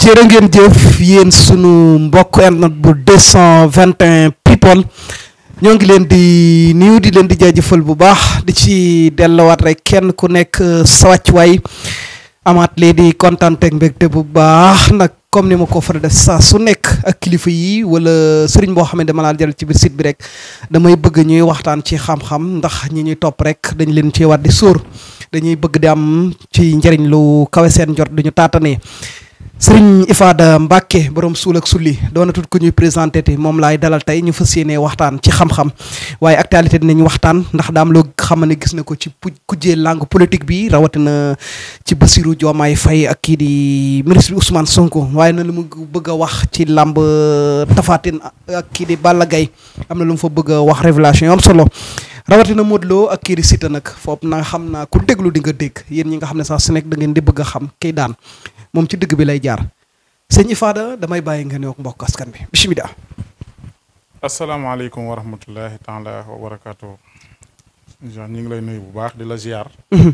jërë ngeen jëf yéen sunu mbokk internet bu 221 people ñoo ngi leen di nuyu di leen di jaajëfal bu baax di ci delluwaat rek kenn ku nekk euh, sa waay amaat leen di kontaan ak mbégte bu baax nag comme ni ma ko faral def saa su nekk ak kilifa yi wala sëriñ boo xam ne dama laa jël ci biir site bi rek damay bëgg ñuy waxtaan ci xam-xam ndax ñi ñuy topp rek dañ leen ci war di sóor dañuy bëgg di am ci njëriñ lu kawe seen jot duñu taatanee sëriñ Ifada Mbacke borom suul ak sulli doonatul ko ñuy présenter te moom laay dalal tey ñu fas yéene waxtaan ci xam-xam waaye actualité dinañ waxtaan ndax daam loo xam ne gis na ko ci kujjee langue politique bi rawatina ci Bassirou joomaay fay ak kii di ministre bi Ousmane Sonko waaye na lu mu bëgg a wax ci làmb euh, Tapha Tine ak kii di Balla gay am na lu mu fa bëgg a wax révélation yu am solo rawatina Modou Lo ak kii di Siteu nag foofu na xam naa ku déglu di nga dégg yéen ñi nga xam ne sax su nekk da ngeen di bëgg a xam kii daan moom ci dëgg bi lay jaar sëñ Ifada damay bàyyi nga néew mbokk askan bi bisimilah. asalaamaaleykum wa rahmatullahi taala wa barakaatu. ñu ngi lay nuyu bu baax di la ziar. Mhm.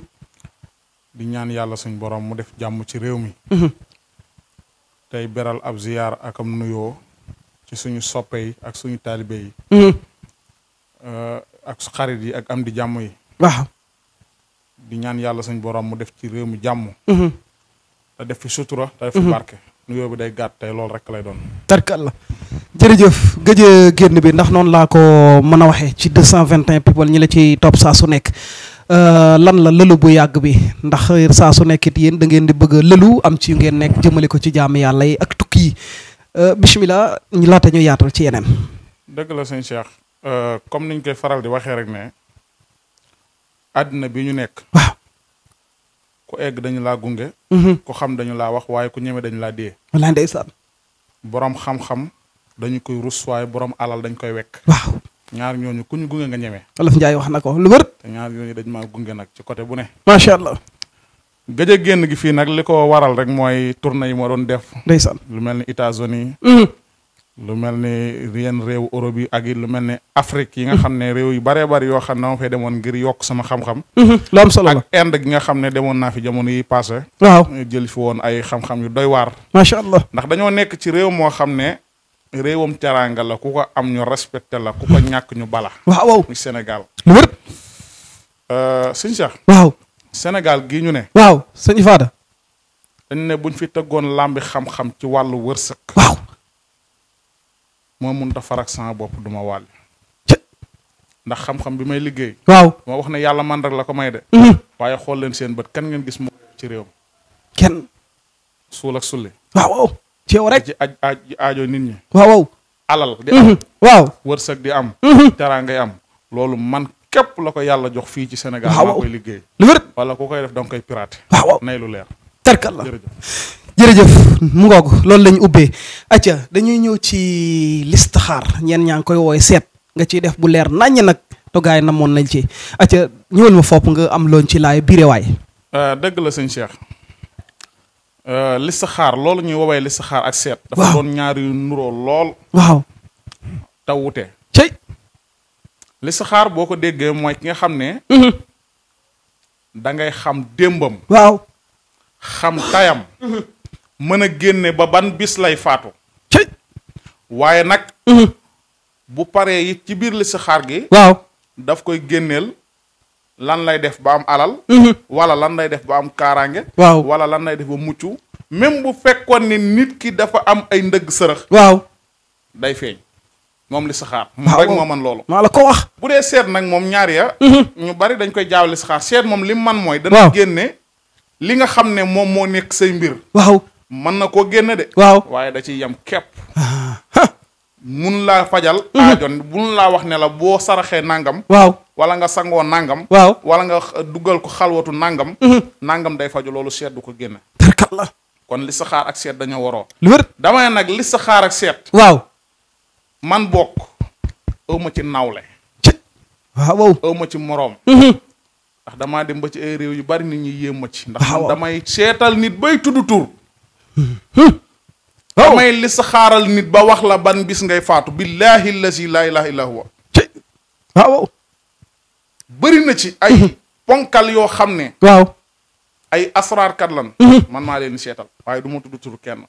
di ñaan yàlla suñ borom mu def jàmm ci réew mi. Mhm. tey beral ab ziar ak am nuyoo ci suñu soppe ak suñu taalibe yi. Mhm. Euh, ak xarit yi ak am di jàmm yi. di ñaan yàlla suñ borom mu def ci réew mi jàmm. def fi sutura. te def fi mhm. barke. nuyoo bi day gàtt tey loolu rek lay doon. tarkal la jërëjëf gëj génn bi ndax noonu laa ko mën a waxee ci 221 people ñu la ci topp saa su nekk. Euh, lan la lëlu bu yàgg bi ndax saa su nekkit yéen da ngeen di bëgg lëlu am ci ngeen nekk jëmale ko ci jaamu yàlla yi ak tukki yi euh, bisimilah ñu laata ñu yaatal ci yeneen. dëgg la sëñ Cheikh euh, comme niñ koy faral di waxee rek ne àddina bi ñu nekk. ku egg dañu laa gunge. Mm-hmm. ku xam dañu laa wax waaye ku ñeme dañu laa dee. wallaahi ndeysaan. borom xam-xam dañu koy rus waaye borom alal dañ koy wekk. waaw ñaar ñooñu ku ñu gunge nga ñeme. Wolof Njaay wax na ko lu wër. ñaar ñooñu dañ ma gunge nag ci côté bu ne. macha allah. gëj génn gi fii nag li ko waral rek mooy tournée yi ma doon def. ndeysaan lu mel ni États-Unis mm-hmm. lu mel ni yenn réew Europe yi ak lu mel ni Afrique yi nga xam ne réew yu baree bari yoo xam ne dama fay demoon ngir yokk sama xam-xam. Mhm, lu am solo la ak Inde nga xam ne demoon naa fi jamono yi passé waaw jël fi woon ay xam-xam yu doy waar. macha allah ndax dañoo nekk ci réew moo xam ne. réewam teraanga la ku ko am ñu respecté la ko ñàkk ñu bala. waaw waaw muy Sénégal. lu wër. Euh, sëñ Cheikh. waaw Sénégal gii ñu ne. waaw sëñ Ifada. dañ ne buñ fi tegoon làmbi xam-xam ci wàllu wërsëg. waaw. moo mënut a farak sama bopp duma ma wàll. ndax xam-xam bi may liggéey. waaw moo wax ne yàlla man rek la ko may de. Mhm. waaye xool leen seen bët kan ngeen gis moom ci réew mi. kenn. suul waaw waaw ci rek ci aaj nit ñi. waaw waaw. alal di mhm. am. waaw wërsëg di am. dara mhm. ngay am loolu man. képp la ko yàlla jox fii ci Sénégal. waaw maa koy liggéey. lu wér. wala ku koy def danga koy piraté. nay lu leer. tarkal la jërëjëf mu ngoog loolu lañ ubbee acca dañuy ñëw ci listixaar ñeen ñaa ngi koy wooye seet nga ciy def bu leer naññ nag togaay namoon nañ ci acca ñëwal ma fopp nga am loon ci laay biirewaay euh, dëgg la sëñ Cheikh euh, listixaar loolu ñuy woowee listixaar ak seet dafa doon ñaari nuroo lool waaw te wute cey xaar boo ko déggee mooy ki nga xam ne mhm. da xam démbam waaw xam tayam mhm. mën a génne ba ban bis lay faatu ci waaye nag bu paree it ci biir lisaxaar gi waaw daf koy génneel lan lay def ba am alal wala lan lay def ba am kaaraange waaw wala lan lay def ba muccu même bu fekkoon ni nit ki dafa am ay ndëgg sërëx waaw day feeñ moom listixaar moom rek moo man loolu maa la ko wax bu dee seet nag moom ñaar ya ñu bari dañ koy jaaw listixaar seet moom li man mooy dana génne li nga xam ne moom moo nekk say mbir mën na koo génne de. waaw waaye da ciy yam képp. Ah. mun laa fajal. Mhm. aajo mun laa wax ne la boo saraxee nangam. waaw wala nga sangoo nangam. waaw wala nga duggal ko xalwatu nangam. Mhm. nangam day faju loolu seet du ko génne. la kon li saxaar ak seet dañoo waroo. lu wér damay nag li saxaar ak seet. waaw man bokk ëw ma ci nawle. waaw ëw ci moroom. Mhm. ndax damaa dem ba ci ay réew yu bari nit ñi yéem ma ci. ndax damay seetal nit bay tudd tur. damay li sa xaaral nit ba wax la ban bis ngay faatu billahi lazi laa ilaha illa huwa waaw bëri na ci ay mhm. ponkal yoo xam ne waaw ay asraarkat lan mhm. man maa leen seetal waaye du ma tudd turu kenn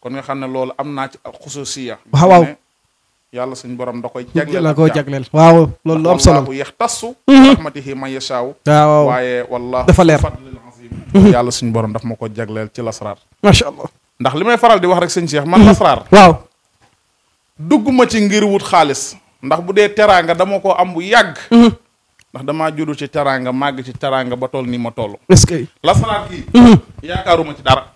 kon nga xam ne loolu am naa ci xususiya waaw yàlla suñ borom da koy jagleel la mhm. waaw waaw dafa leer Mhm. yàlla suñu borom daf ma ko jagleel ci lasraar macha allah ndax li may faral di wax rek sëñ seex man mhm. lasraar waaw dugguma ci ngir wut xaalis ndax bu dee teraanga dama koo am bu yàgg mhm. ndax damaa juddu ci teraanga màgg ci teraanga ba toll nii ma toll est-ce que lasraar gi yaakaaruma ci dara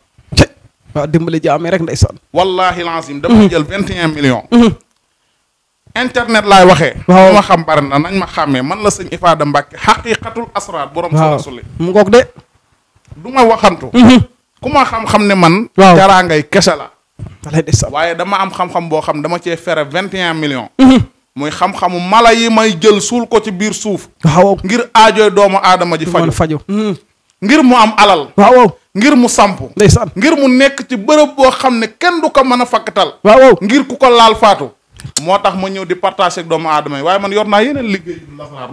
waaw dimbali jaamee rek ndeysaan wallahi lazim dama jël vingt et un millions internet laay waxee waaw ma xam bari na nañ ma xàmmee man la sëñ Ifaada Mbàkke xaqiqatul asraar du ma waxantu. Mhm. ku ma xam-xam ne man. waaw teraangay kese la. waaye dama am xam-xam boo xam dama cee fere vingt et un millions. Mhm. muy xam-xamu mala yi may jël suul ko ci biir suuf. waaw ngir aajooy doomu aadama ji. faju mhm. ngir mu am alal. waaw ngir mu samp. ndeysaan ngir mu nekk ci bërëb boo xam ne kenn du ko mën a fakkatal. waaw ngir ku ko laal faatu. moo tax ma ñëw di partager doomu aadama yi waaye man yor naa yeneen liggéey.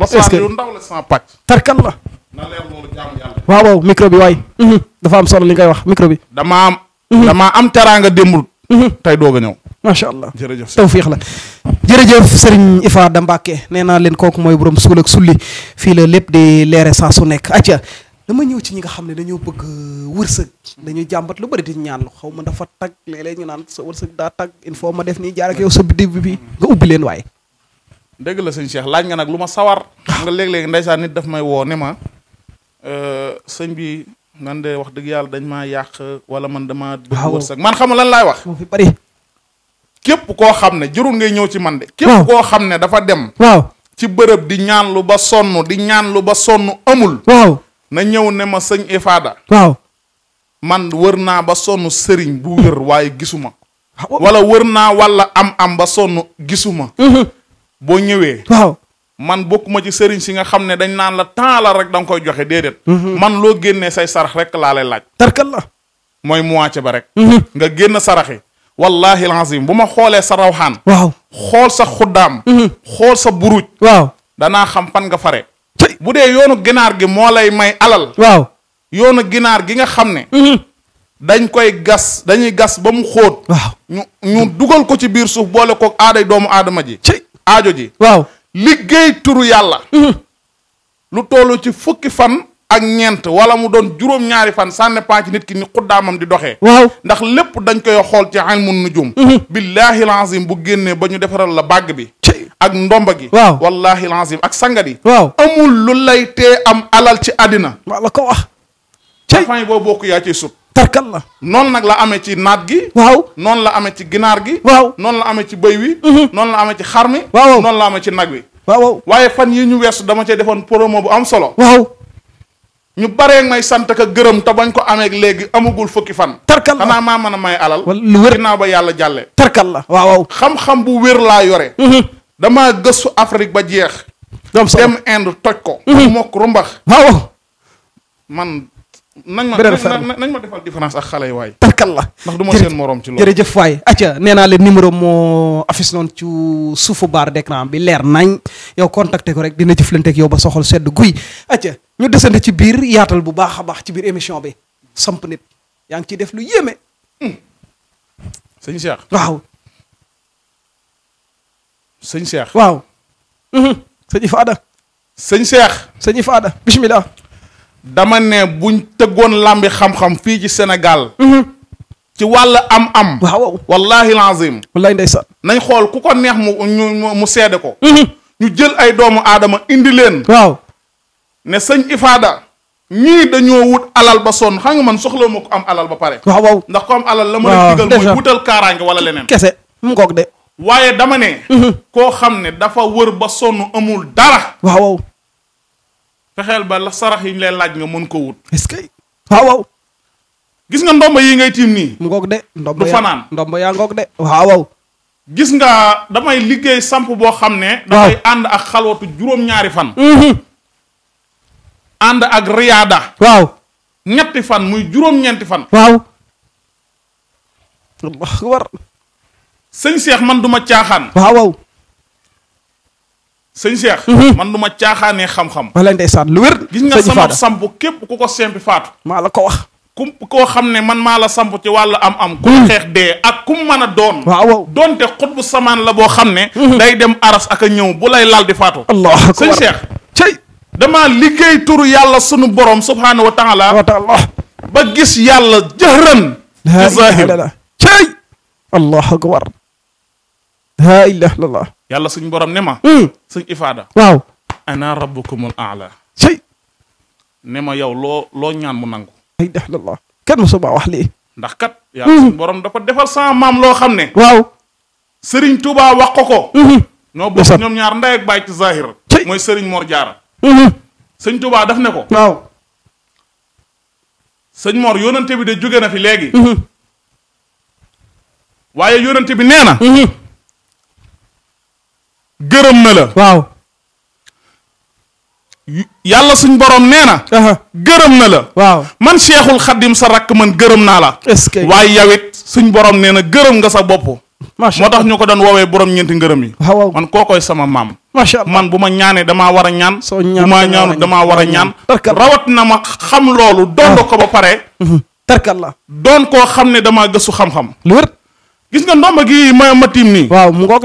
est ce ndaw la sans pàcc. tarkal la. na leer loolu jaamu yàlla. waaw waaw bi waay. Mhm. dafa am solo li ngay wax micro bi. damaa am. Mhm. damaa am teraanga démbul. Mhm. tey doog a ñëw. macha allah jërëjëf tawfiix la. jërëjëf Serigne Ifada Mbacke nee naa leen kooku mooy borom suul ak sulli fii la lépp di leere saa su nekk acca dama ñëw ci ñi nga xam ne dañoo bëgg uh, wërsëg dañuy jàmbat lu bëri di ñaan lu xaw ma dafa tag léeg-léeg ñu naan sa wërsëg daa tag il faut ma def nii jaar ak yow sa bidib bi nga ubbi leen waay dëgg la sëñ Cheikh laaj nga nag lu ma sawar. Ah. nga léeg-léeg ndeysaan nit may woo ne ma. Euh, sëñ bi man de wax dëgg yàlla dañ ma yàq wala man dama bëgg wërsëg man xam lañ laay wax. fi bari képp koo xam ne jërul ngay ñëw ci man de. képp koo xam ne dafa dem. waaw ci bërëb di ñaan lu ba sonn di ñaan lu ba sonn amul. na ñëw ne ma sëñ Ifada. waaw man wër naa ba sonn sëriñ bu wér waaye gisuma. wala wër naa walla am-am ba sonn gisuma. Mhm. boo ñëwee. man bokkuma ci sëriñ si nga xam ne dañ naan la temps la rek danga koy joxe déedéet. Mhm. man loo génnee say sarax rek laa lay laaj. tarkal la. mooy moitié ba rek. Mhm. nga génn saraxi. wallahi alazim bu ma xoolee sa rawxaan. waaw xool sa xuddaam. Mhm. xool sa buruj. waaw danaa xam fan nga fare. bu dee yoonu ginaar gi moo lay may alal. waaw yoonu ginaar gi nga xam ne. dañ koy gas dañuy gas ba mu xóot. ñu dugal ko ci biir suuf boole kook aaday doomu aadama ji. ci aajo ji liggéey turu yàlla mhm. lu tollu ci fukki fan ak ñeent wala mu doon juróom-ñaari fan ça dépend ci nit ki ni xuddaamam di doxee waaw ndax lépp dañ koy xool ci ilmu nujum mhm. billahi lazim bu génnee ba ñu defaral la bàgg bi ak ndomba gi waaw wallahi lazim ak sangat yi waaw amul lu lay am alal ci àddina la ko wax cafan yi boo bokk yaa ciy sut tarkal la noonu nag la amee ci naat gi waaw noonu la amee ci ginaar gi waaw noonu la amee ci bëy wi mhm. noonu la amee ci xar mi waaw noonu la amee ci nag wi waaw waaye fan yi ñu weesu dama cee defoon promo bu am solo waaw ñu baree may sant ka gërëm te bañ ko amee léegi amagul fukki fan tarkal la xanaa maa mën a may alal lu wér ginnaaw ba yàlla jàllee tarkal la waaw xam-xam bu wér laa yore mhm. damaa gëstu Afrique ba jeex dem Inde toj ko mhm. mokk rumbax waaw man nañ ma nañ ma defal différence ak xale yi waay. tarkal la ndax du ma seen morom ci loolu. jërëjëf waay acca nee naa leen numéro moo affiche noonu ci suufu barre d'écran bi leer nañ yow contacté ko rek dina jëflanteeg yow ba soxal sedd guy. acca ñu desante ci biir yaatal bu baax a baax ci biir émission bi samp nit yaa ngi ciy def lu yéeme. Hmm. sëñ Cheikh. waaw. sëñ Cheikh. waaw. Mhm. sëñ Ifada. sëñ Cheikh. sëñ Ifada bismillah. dama ne buñ tëggoon làmbi xam-xam fii ci senegal mhm. ci wàll am-am. waaw wallaahi lazim. wallaahi sax nañ xool ku ko neex mu mu mu seede ko. Mhm. ñu jël ay doomu aadama indi leen. waaw ne sëñ Ifada. ñii dañoo wut alal ba sonn xam nga man soxla ma ko am alal ba pare. waaw waaw ndax ko am alal la ma la digal mooy wutal kaaraange wala leneen. kese mu ngoog de. waaye dama ne. Mhm. koo xam ne dafa wër ba sonn amul dara. waaw waaw. fexeel ba la sarax yi ñu lay laaj nga mën ko wut. est-ce que waaw gis nga ndomba yi ngay tiim nii. ngoog de ndomba du fanaan yaa ngoog de waaw gis nga damay liggéey samp boo xam ne. dafay ànd ak xalwatu juróom-ñaari fan. Mhm. ànd ak riyaada. waaw ñetti fan muy juróom-ñeenti fan. waaw. war. sëñ Cheikh man duma caaxaan. waaw sëñ Cheikh. Mhm. man du ma caaxaanee xam-xam. wala ndeysaan lu wér. gis nga sama samp képp ku ko sempi faatu. maa la ko wax. kum koo xam ne man maa la samp ci wàllu am-am. ku hmm. xeex dee ak kum mën a doon. waaw donte xut bu samaan la boo xam ne. Hmm. day dem aras ak a ñëw bu lay laal di faatu. allah akbar sëñ Cheikh. cey damaa liggéey turu yàlla sunu borom subhaanahu wa taala. wa ba gis yàlla jëhran. ci zahir cey. allah akbar. la ilaha yàlla suñ borom ne ma. Mm. suñ ifaada. waaw ana rabbukumul aala. sey. ne ma yow loo loo ñaan mu nangu. ay dahlallah kenn mu suba wax lii. ndax kat. yàlla suñ borom dafa defal sama maam loo xam ne. waaw. Serigne Touba wax ko ko. ñoo mm-hmm. bokk ñoom ñaar ndey ak baay ci Zahir. mooy sëriñ moor Diarra. Mm-hmm. sëñ Touba daf ne ko. waaw. sëñ Mor yónnante bi de jóge na fi léegi. Mm-hmm. waaye yónnante bi nee gërëm na la waaw yàlla suñ borom nee na gërëm na la waaw man cheikhul xaddim sa rakk man gërëm naa la waaye yawit suñ borom nee na gërëm nga sa bopp moo tax ñu ko doon woowee borom ñeenti ngërëm yi man kookoy sama maam man bu ma ñaanee dama war a ñaan bu ma ñaanu damaa war a ñaan rawat na ma xam loolu doon ah. ko ba pare mhm. la doon koo xam ne dama gëstu xam-xam lu wér gis nga ndomba gii ma ma tiim nii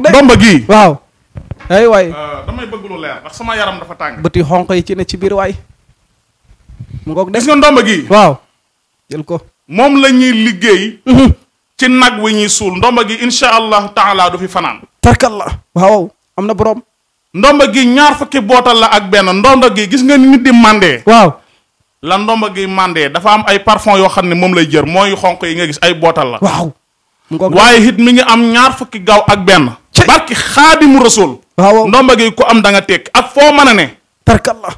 ndomba gii ay waay euh, damay bëgg lu leer ndax sama yaram dafa tàng. bëti xonq yi ci ne ci biir waay. mu ngoog de gis nga ndomba gi. waaw jël ko. moom la ñuy liggéey. Mhm. nag wi ñuy suul ndomba gi incha allahu taala du fi fanaan. tarkal la waaw am na borom. ndomba gi ñaar fukki bootal la ak benn ndomba gi gis nga nit di mandee. waaw la ndomba gi mandee dafa am ay parfum yoo xam ne moom lay jër mooy xonq yi nga gis ay bootal la. waaw waaye hit mi ngi am ñaar fukki gaaw ak benn. barki xaadimu rasul. waaw ndomba gi ku am da nga tekk ak foo mën a ne. tarkalla.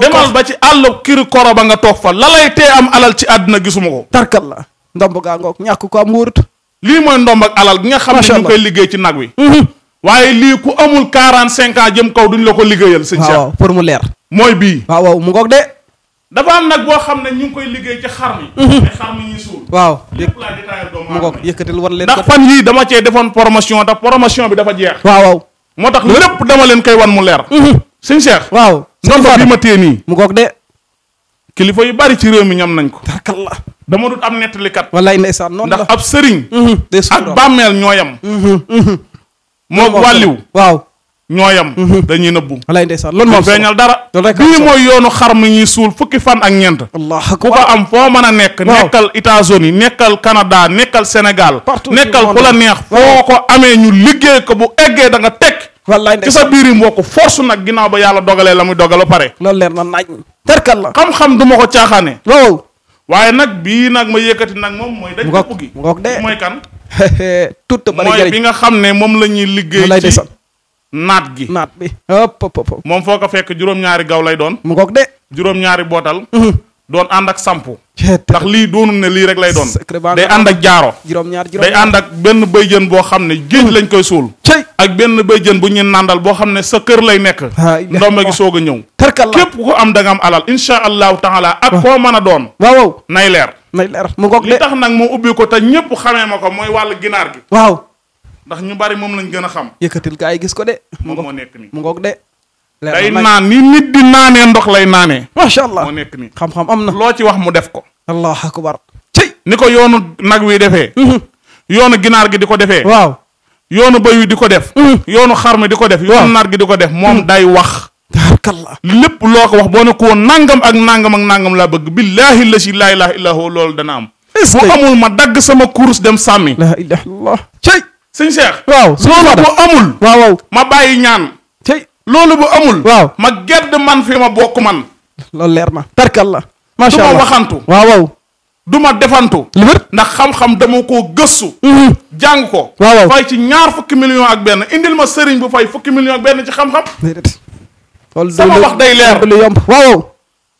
demal ba ci àll kiri koro ba nga toog fa la lay tee am alal ci àddina gisuma ko. la ndomb gaa ngoog ñàkk ko am wóorut. lii mooy ndomb ak alal gi nga xam ne ñu koy liggéey ci nag wi. Mhm. waaye lii ku amul quarante cinq ans jëm kaw duñ la ko liggéeyal. sëñ Cheikh pour mu leer. mooy bii. waaw mu ngoog de. dafa am nag boo xam ne ñu ngi koy liggéey ci xar mi. Mhm. waaw lépp laa détaillé doomu aadama mu ngoog yëkkatil war leen ndax fan yii dama cee defoon pormation te promotion bi dafa jeex. waaw waaw moo tax lépp dama leen koy wan mu leer. Mhm. sëñ Cheikh. waaw ndox bi ma téye nii. mu ngoog de. kilifa yu bari ci réew mi ñam nañ ko. tarkalla dama dut am nettalikat. wallaay ndeysaan noonu la ndax ab sëriñ. Mhm. ak bàmmeel ñooyam. moo wàlliw waaw. ñooyam mhm. dañuy nëbbu walaay ndeysaan loolu moom feeñal dara bii mooy yoonu xar ma ñuy suul fukki fan ak ñeent ku ko am foo mën a nekk nekkal États-Unis nekkal Canada nekkal Sénégal nekkal ku la neex foo ko amee ñu liggéey ko bu eggee da nga teg wallaay ci sa biir yi mbokk force nag ginnaaw ba yàlla dogalee la muy dogal ba pare. loolu leer na naaj. terkal la xam-xam du ma ko caaxaane. waaw. nag bii nag ma yëkkati nag moom mooy. daj ko buggi mooy kan. tuut bari mooy bi nga xam ne moom la ñuy liggéey ci naat gi naat bi moom foo ko fekk juróom-ñaari gaw lay doon mu ngoog de juróom-ñaari bootal uhuh. doon ànd ak samp ndax lii doonul ne lii rek lay doon day ànd ak jaaro juróom-ñaar day ànd ak benn béyjën boo xam ne géej uhuh. lañ koy suul ak benn béyjën bu ñu nàndal boo xam ne sa kër lay nekk ndomba gi soog a ñëw oh. képp ko am da nga am alal insha allahu taala ak oh. koo mën a doon waaw nay leer nay leer mu ngoog de li tax nag moo ubbi ko te ñëpp xam ma ko mooy wàllu ginaar gi waaw ndax ñu bari moom lañ gën a xam. yëkkatil gaa yi gis ko de. moom moo nekk nii mu ngoog de. day naan ni nit di naanee ndox lay naanee. macha allah moo nekk nii. xam-xam am na loo ci wax mu def ko. allah akbar. ci ni ko yoonu nag wi defee. Mhm. yoonu ginaar gi di ko defee. waaw yoonu bëy di ko def. Mhm. yoonu xar mi di ko def. yoonu naar gi di ko def moom mhm. day wax. tabarkallah lépp loo ko wax boo ne ko woon nangam ak nangam ak nangam laa bëgg billaahi la si laa ilaaha illaa huwa loolu dana am. bu amul ma dagg sama course dem sàmmi. la ilaha sëñ Cheikh. waaw loolu bu amul. waaw waaw ma bàyyi ñaan. tey loolu bu amul. waaw ma gedd man fi ma bokk man. loolu leer na tarkal la. macha allah du ma waxantu. waaw waaw. du ma defantu. ndax xam-xam dama koo gëstu. Mhm. jàng ko. waaw fay ci ñaar fukki million ak benn indil ma sëriñ bu fay fukki million ak benn ci xam-xam. sama wax day leer lu yomb waaw.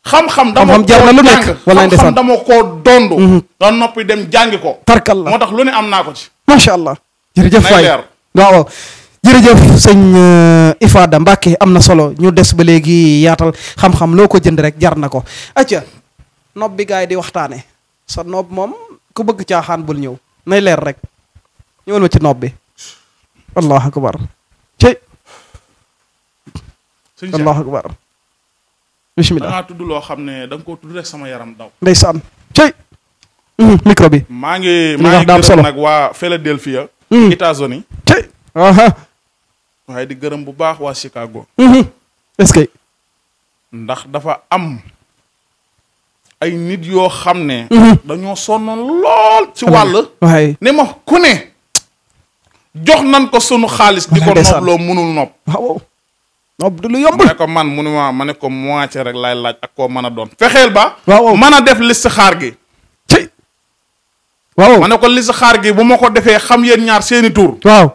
xam-xam jar na lu nekk wala ndeysaan xam dama koo dondu. nga mhm. noppi dem jàngi ko. tarkal la moo tax lu ne am naa ko ci. macha allah. jërëjëf waay waaw jërëjëf sëñ euh, Ifada Mbacke am na solo ñu des ba léegi yaatal xam-xam loo ko jënd rek jar na ko. acca nopp bi gaay di waxtaane sa nopp moom ku bëgg caaxaan bul ñëw nay leer rek ñëwal ma ci nopp bi allahu akbar ci allahu akbar bismillah da ngaa tudd loo xam ne da nga sama yaram daw. Mhm, bi. maa ngi maa ngi gërëm nag waa Philadelphia. Mm. États-Unis waaye di gërëm bu baax waa Chicago mm-hmm. ce que ndax dafa am ay nit yoo xam ne mm-hmm. dañoo sonnoon lool ci wàll waaye ne ma ku ne jox nan ko sunu xaalis di ko nopp loo munul nopp waaw nopp du lu yomb ne ko man munu ma ma ne ko moitié rek laay laaj ak koo mën a doon fexeel ba waaw mën a def listixaar gi waaw ma ne ko listixaar gi bu ma ko defee xam yéen ñaar seeni tur waaw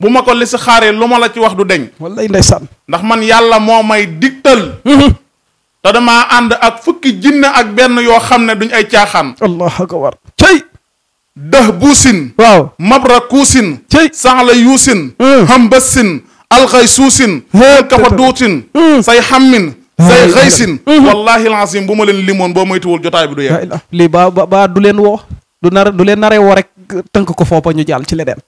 bu ma ko listixaaree lu ma la ci wax du deñ wallaay ndeysaan ndax man yàlla moo may digtal mhm. te damaa ànd ak fukki jinne ak benn yoo xam ne duñ ay caaxaan allah akbar cey dëh buusin waaw mabra kuusin cey saxla yuusin mhm. hambassin alxay suusin kafa duutin mhm. say xammin say xëysin wallahi alazim bu ma leen limoon boo moytuwul jotaay bi du yem lii ba ba du leen woo du nar du leen naree woo rek tënk ko foofa ñu jàll ci leneen.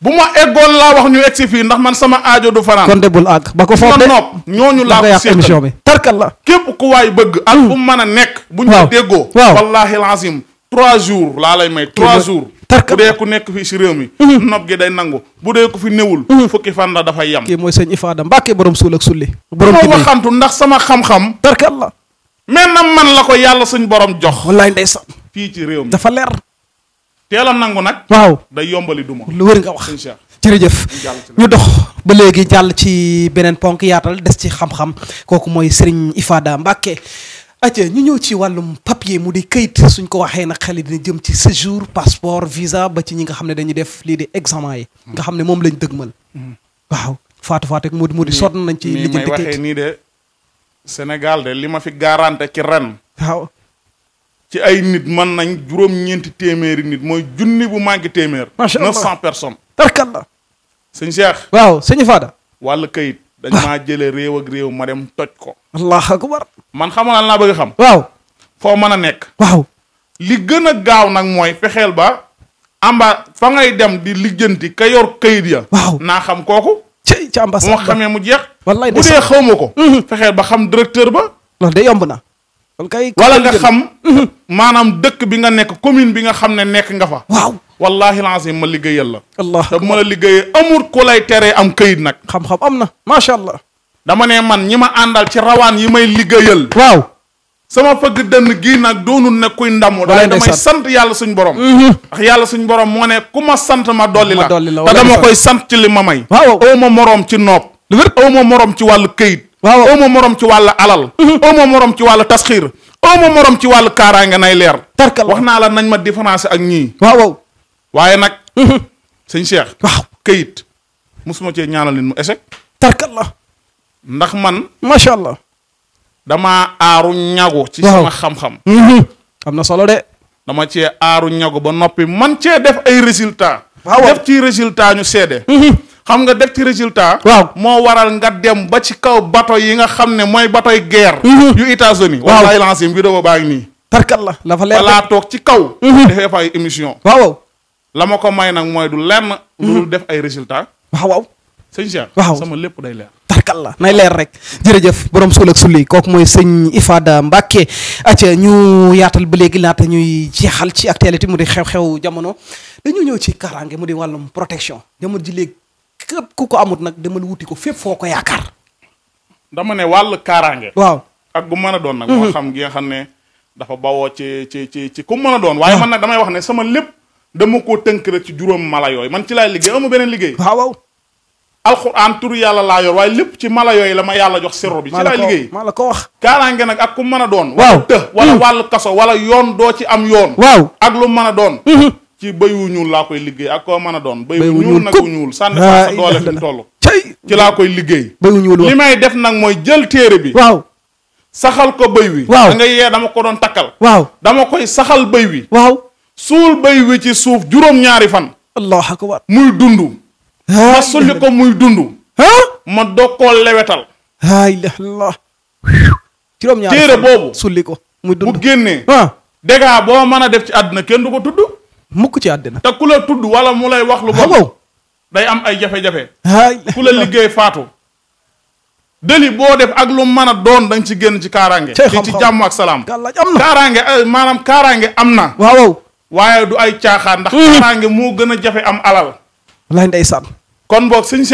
bu ma eggoon laa wax ñu egg si fii ndax man sama aajo du fanaan. kon de bul àgg ba ko foofu de ñooñu laa ko yàq émission bi tarkal la képp ku waay bëgg. ak hmm. fu a nekk. bu ñu déggoo. waaw wallaahi lazim trois jours laa lay may trois jours. bu dee ku nekk fii si réew mi. Hmm. nopp gi day nangu bu dee ko fi néewul. Hmm. fukki fan la dafay yam. kii mooy sëñ Ifaada Mbàkke borom suul ak sulli. borom kii waxantu ndax sama xam-xam. tarkal la. mais na man la ko yàlla suñ boroom jox. wallaay ndeysaan fii ci réew mi dafa leer. teel a nangu nag. waaw day yombali duma. lu wér nga wax jërëjëf ñu dox ba léegi jàll ci beneen ponk yaatal des ci xam-xam kooku mooy Serigne Ifada Mbacke. atia ñu ñëw ci wàllum papier mu di kayit suñ ko waxee nag xel dina jëm ci séjour passeport visa ba ci ñi nga xam ne dañuy def lii di examen yi. Hmm. nga xam ne moom lañ dëgmal. Hmm. waaw faatu faatu ak Modou Modou sot nañ ci. lijjanti kayit nii nii de li ma fi garanté ci ren. waaw. ci ay nit mën nañ juróom-ñeenti téeméeri nit mooy junni bu manqué téeméer. macha allah neuf cent personnes. tarkalla. sëñ Cheikh. waaw sëñ Fada. wàllu kayit dañ maa jëlee réew ak réew ma dem toj ko. allah akbar. man xamu naa laa bëgg xam. waaw. foo mën a nekk. waaw. li gën a gaaw nag mooy fexeel ba. amba fa ngay dem di lijjanti ka kayit ya. waaw naa xam kooku. ci ci ambassade ba bu xamee mu jeex. wallaay bu dee xaw ko. Mhm. fexeel ba xam directeur ba. loolu de yomb na. kon kay wala nga xam. Hmm. maanaam dëkk bi nga nekk commune bi nga xam ne nekk nga fa. waaw wallahi alazim ma liggéeyal la. allah te ma la liggéeyee amul ku lay teree am këyit nag. xam-xam am na macha allah. dama ne man ñi ma àndal ci rawaan yi may liggéeyal. waaw. sama fëgg dënn gii nag doonul ne kuy ndamu. walaay damay sant yàlla suñ borom. Mm-hmm. ndax yàlla suñ borom moo ne ku ma sant ma dolli la. te dama koy sant ci li ma may. waaw aw ma moroom ci noob. lu aw ma moroom ci wàllu këyit. waaw aw moroom ci wàll alal. Mhm. aw ma morom ci wàll tasxiir. aw ma morom ci wàll kaaraange nay leer. tarkal wax naa la nañ ma différence ak ñii. waaw waaye nag. Mhm. sëñ Cheikh. waaw këyit mosuma cee ñaanal nit mu échec. tarkal la. ndax man. macha allah. damaa aaru ñagu. ci sama xam-xam. Mhm. am na solo de. dama cee aaru ñagu ba noppi man cee def ay résultats. waaw def ci résultat ñu seede. xam nga def ci résultat. waaw moo waral nga dem ba ci kaw bato yi nga xam ne mooy batoy guerre. yu États-Unis waaw walaay lancim vidéo baa ngi nii. la dafa leer toog ci kaw. defee émission. waaw. la ma ko may nag mooy du lenn. lu def ay résultat waaw waaw. sëñ Cheikh waaw sama lépp day leer. tarkal la nay leer rek jërëjëf borom suul ak sulli kooku mooy sëñ Ifada Mbacke acca ñu yaatal ba léegi laata ñuy jeexal ci actualité mu di xew-xew jamono dañu ñëw ci kaaraange mu di wàllum protection jamono ji léegi képp ku ko amut nag demal wuti ko fépp foo ko yaakaar. dama ne wàll kaaraange. waaw ak gu man a doon nag. moo mhm. xam gi nga xam ne dafa bawoo ci ci ci ci ku mën doon. waaye ah. man nag damay wax ne sama lépp dama koo tënk rek ci juróom mala yooyu man ci laay liggéey amu beneen liggéey. waaw waaw. alxuraan turu yàlla laa lépp ci mala yooyu la yàlla jox sirru bi ci la ko wax kaaraange nag ak ku mën a doon waaw të wala mm. wàllu kaso wala yoon doo ci am yoon waaw ak lu mën a doon mm-hmm. ci béy wu ñuul laa koy liggéey ak koo mën a doon. béy wu ñuul nag wu ñuul sànni sa doole fi mu ci laa koy liggéey. béy wu li may def nag mooy jël téere bi. waaw saxal ko béy wi. waaw dama ko doon takkal. waaw dama koy saxal béy wi. waaw suul béy ci suuf juróom-ñaari fan. allahu akbar muy dund. ma sulli ko muy dund. ma doog koo lewetal. laa ilaaha illallaah. juróom-ñaari téere boobu. sulli ko muy dund bu génnee. dégg boo mën a def ci àdduna kenn du ko tudd. mukk ci àddina. ta ku la tudd wala mu lay wax lu bon day am ay jafe-jafe. ku liggéey faatu. deli boo def ak lu mën a doon da nga ci génn ci kaaraange. li ci jàmm ak salaam. kaaraange eh, maanaam kaaraange am na. waaw. waaye du ay caaxaan. ndax kaaraange moo gën a jafe am alal. walaay ndeysaan. kon boog suñu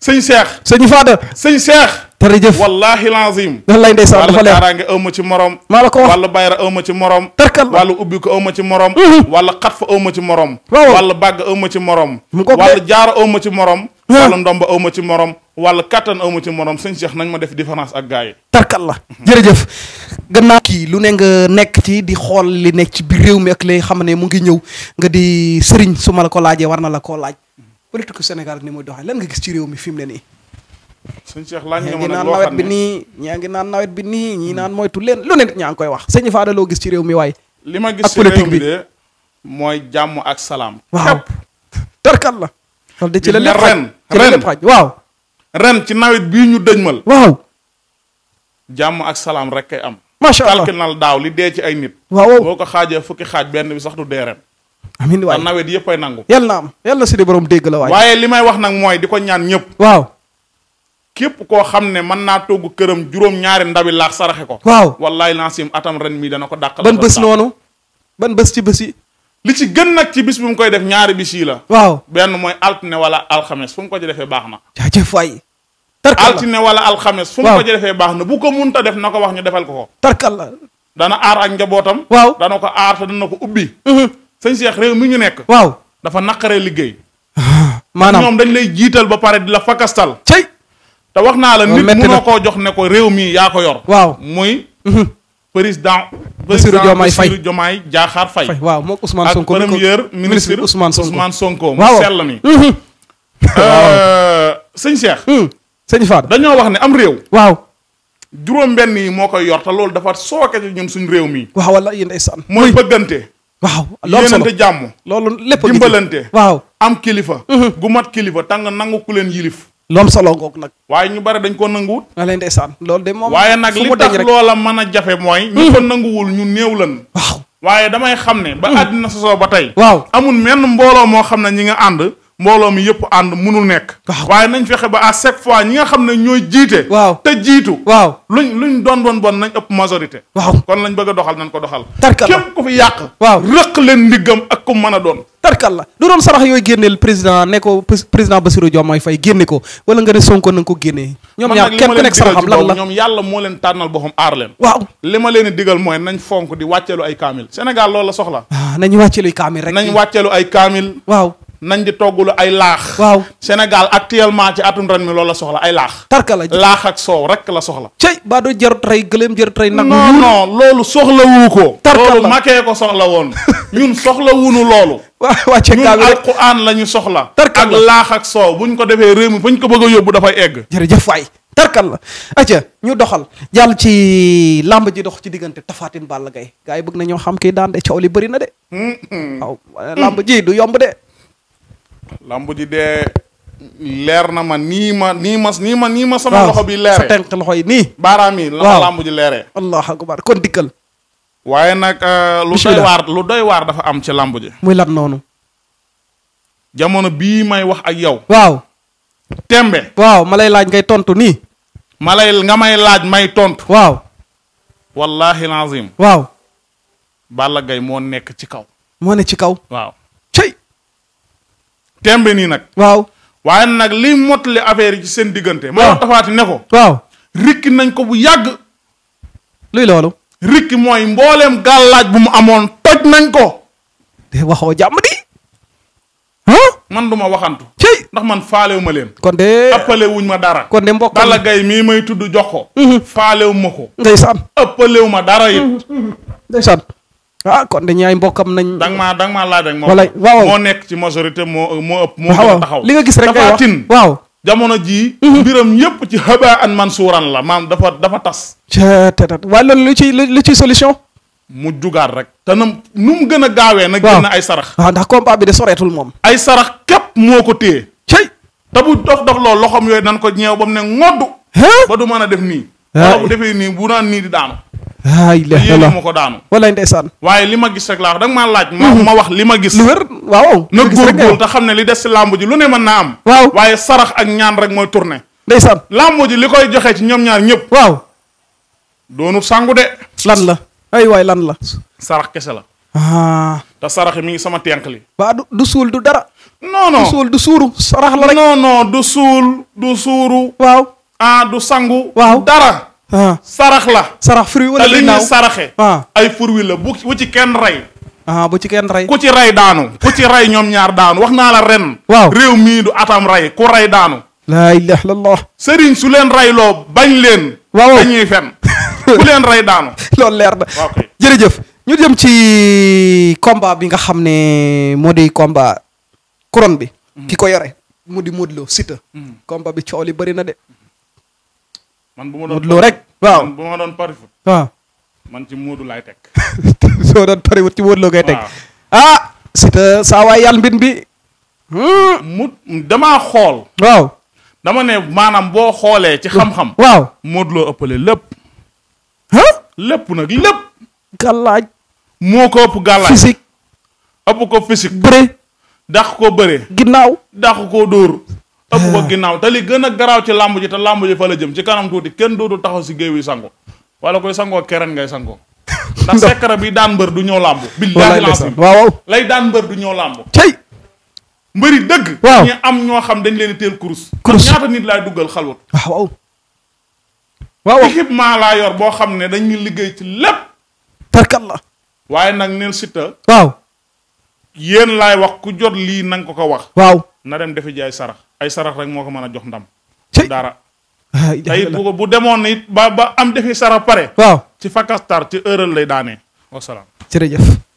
sëñ Cheikh. sëñ Fada. sëñ Cheikh. jërëjëf wallaahi laazim. wallaahi ndeysaan dafa leer wàllu kaaraange aw ma ci morom. maa la ko wax wàllu bayra aw ma ci morom. tarkal wàllu ubbi ko aw ma ci morom. wàllu xatfa aw ma ci morom. waaw wàllu bàgg aw ma ci morom. mu ko wàllu jaara aw ma ci morom. wàllu ndomba aw ma ci morom. wàllu kattan aw ma ci morom sëñ Cheikh nañ ma def différence ak gars yi. tarkal la jërëjëf. gannaaw kii lu ne nga nekk ci di xool li nekk ci biir réew mi ak lay xam ne mu ngi ñëw nga di sëriñ su ma la ko laajee war na la koo laaj politique Sénégal ni muy doxee lan nga gis ci réew mi fi mu ne nii. suñ Cheikh laaj nga mën a loo ne naan nawet bi nii ñaa ngi naan nawet bi nii ñii hmm. naan moytu leen lu ne ñaa ngi koy wax sëñ Fada loo gis ci réew mi waaye. li ma gis ci réew mi de mooy jàmm ak salaam. waaw tarkal la. loolu de ci la lépp ren ren waaw. ren ci nawet bii ñu dëñmal. waaw. ak salaam rek am. macha allah calcul daaw li dee ci ay nit. waaw boo ko xaajee fukki xaaj benn bi sax du dee ren. amiin waay nawet yëpp ay nangu. yal na am yal na si di borom dégg la waay. waaye li may wax nag mooy di ko ñaan ñëpp. waaw. képp koo xam ne mën naa togg këram juróom-ñaari ndawi laax saraxe ko. waaw wallaay laasim atam ren mii dana ko dàqal. ban bés noonu ban bés ci bés yi. li ci gën nag ci bis bu mu koy def ñaari bis la. waaw benn mooy altine wala alxames fu mu ko ci defee baax na. jaajëf waay. tarkal la altine wala alxames. fu defee baax na bu ko munta def na ko wax ñu defal ko ko. tarkal la. dana aar ak njabootam. waaw dana ko aar te sëñ Cheikh réew mi ñu nekk. waaw dafa naqaree liggéey. maanaam moom dañ lay jiital ba pare di la fakastal. cey te wax naa la nit mënoo koo jox ne ko réew mi yaa ko yor. waaw muy. Mhm. président. Bassirou Diomaye Faye Bassirou Diomaye Diakhar Faye. waaw moo Ousmane Sonko ak premier ministre Ousmane Sonko Ousmane Sonko mu sell mi. Mhm. Euh, sëñ Cheikh. Hmm. sëñ Fade dañoo wax ne am réew. waaw. juróom-benn yi moo koy yor ta loolu dafa sooke ci ñun suñu réew mi. waaw wala yéen ay sànn. mooy bëggante. waaw loolu solo yéenante jàmm. loolu lépp dimbalante. waaw am kilifa. Mhm. gu mat kilifa tàng nangu ku leen yilif. loolu solo ngoog nag. waaye ñu bare dañ ko nanguwut. nga leen ndeysaan loolu de moom. waaye nag li tax loola mën a jafe mooy. ñu mhm. ko nanguwul ñu néew lan. waaw waaye damay xam ne. ba mhm. àddina sosoo ba tey. waaw amul menn mbooloo moo xam ne ñi nga ànd. mbooloo mi yëpp ànd munul nekk. waaye nañ fexe ba à chaque fois ñi nga xam ne ñooy jiite. waaw te jiitu. waaw luñ luñ doon bon bon nañ ëpp majorité. waaw kon lañ bëgg a doxal nañ ko doxal. tarkal képp ku fi yàq. waaw rëq leen ndiggam ak ku mën a doon. tarkal la du doon sarax yooyu génneel président ne ko président Bassirou Diomaye Faye génne ko wala nga ne Sonko na nga ko génnee. ñoom ñaar kenn ku nekk saraxam lan la ñoom yàlla moo leen tànnal boppam aar leen. waaw li ma leen digal mooy nañ fonk di wàcceelu ay kaamil Sénégal la soxla. Ah, nañ wàcceelu ay kaamil rek. nañ wàcceelu ay kaamil waaw nañ di toggulu ay laax. waaw Sénégal actuellement ci atum ren mi loolu la soxla ay laax. tarka la laax ak soow rek la soxla. cey ba do jarut gëléem jarut rey nag. non non loolu soxla wu ko. tarka la loolu makee ko soxla woon ñun soxla wunu loolu. waaw waa CECA bi ñun alquran la ñu soxla. tarka laax ak soow buñ ko defee réew mi buñ ko bëgg a yóbbu dafay egg. jërëjëf waay tarkal la ñu doxal jàll ci làmb ji dox ci diggante Tapha Tine Balla Gaye bëgg na ñoo xam kii daan de coow li bëri na de. Hmm, hmm. waaw ji du yomb de. lamb ji dee leer na ma nii ma nii ma nii ma nii ma sama loxo bi leere sa tenk loxo yi nii baaraam yi la lamb ji leeree allahu akbar kon dikkal waaye nag euh, lu doy waar lu doy waar dafa am ci lamb ji muy lan noonu jamono bii may wax ak yow waaw tembe waaw ma lay laaj ngay tontu nii ma lay nga may laaj may tontu waaw wallahi lazim waaw Balla Gaye moo nekk ci kaw moo ne ci kaw waaw tembe nii nag. waaw waaye nag liy mottali affaire yi ci seen diggante. moo tafaati ne ko. waaw rikki nañ ko bu yàgg. luy loolu. rikki mooy mbooleem gàllaaj bu mu amoon toj nañ ko. de waxoo jàmm di. man du ma waxantu. cey ndax man faalewu ma leen. kon de ëppale ma dara. kon de mbokk Balla Gaye mii may tudd jox ko. Mhm. faalewu ma ko. ndeysaan ëppalewu ma dara it. Mhm. ndeysaan. ah kon dañu ay mbokkam nañ. da nga maa da nga maa laaj rek. wala moo nekk ci majorité moo moo ëpp. moo gën a taxaw li nga gis rek ngay wax waaw. jamono jii. Mhm. biram yëpp ci xabaa an mansuuran la maam dafa dafa tas. ca te waaye loolu lu ciy lu ciy solution. mu jugaat rek. te na nu mu gën a gaawee. nag génn ay sarax. waaw ah, ndax combat bi de soreetul moom. ay sarax képp moo ko téye. cay te bu dof dof loolu loxoom yooyu nan ko ñeew ba mu ne ngoddu. ba du mën a def nii. wala bu defee nii bu naan nii di daanu yéene ma ko daanu walaay ndeysaan waaye li ma gis rek laa wax danga maa laaj ma hmm. ma wax li ma gis lu wér waaw na góorgóorlu te xam ne li des si làmb ji lu ne mën naa am waaw waaye sarax ak ñaan rek mooy tourné ndeysaan làmb ji li koy joxe ci ñoom ñaar ñëpp waaw doonu sangu de lan la ay waay lan la sarax kese la ah. te sarax mi ngi sama tenk li waa du suul du dara non non du suul du suuru sarax la rek non non du suul du suuru waaw ah, du sangu dara sarax la. sarax fruit wala li ñuy saraxe. ay fruit la bu bu ci kenn rey. ah bu ci kenn rey. ku ci rey daanu. ku ci rey ñoom ñaar daanu wax naa la ren. waaw réew mii du atam rey ku rey daanu. laa ilaaha illallah. sëriñ su leen reyloo bañ leen. waaw dañuy fen leen rey daanu. loolu leer na jërëjëf. ñu jëm ci combat bi nga xam ne moo di combat couronne bi. Mm-hmm. ki ko yore mu di Modou Lo Siteu. Mm-hmm. combat bi coow li bëri na de. man bu ma doon Modou Lo rek waaw man bu ma doon pari foot ci Modou laay teg. ah si te saa waay yàlla hmm. damaa xool. waaw dama ne maanaam boo xoolee. ci xam-xam waaw Modou Lo ëppale lépp. ah lépp nag lépp. gàllaaj. moo ko ëpp gàllaaj physique. ëpp ko physique. bëre. dax ko bëre. ginnaaw dax ko dóor. ëpp ko ah. ginnaaw te li gën a garaaw ci làmb ji te làmb ji fa la jëm ci kanam tuuti kenn dootu taxaw si géew yi sangoo wala koy sangoo keren ngay sango ndax secret bi daan mbër du ñëw làmb billaahi làmb waaw lay daan mbër du ñëw làmb tey mbëri dëgg waaw am ñoo xam dañ leen teel kurus kurus ñaata nit laay duggal xalwat ah, waaw laa yor boo xam ne dañuy liggéey ci lépp tarkat la waaye nag neen Siteu waaw yéen laay wax ku jot lii nag ko ko wax waaw na dem defi jaay sarax ay sarax rek moo ko mën a jox ndam. dara. tey bu demoon it ba ba am defi sarax pare. waaw ci fakastar ci heure lay daanee. wasalaam jërëjëf.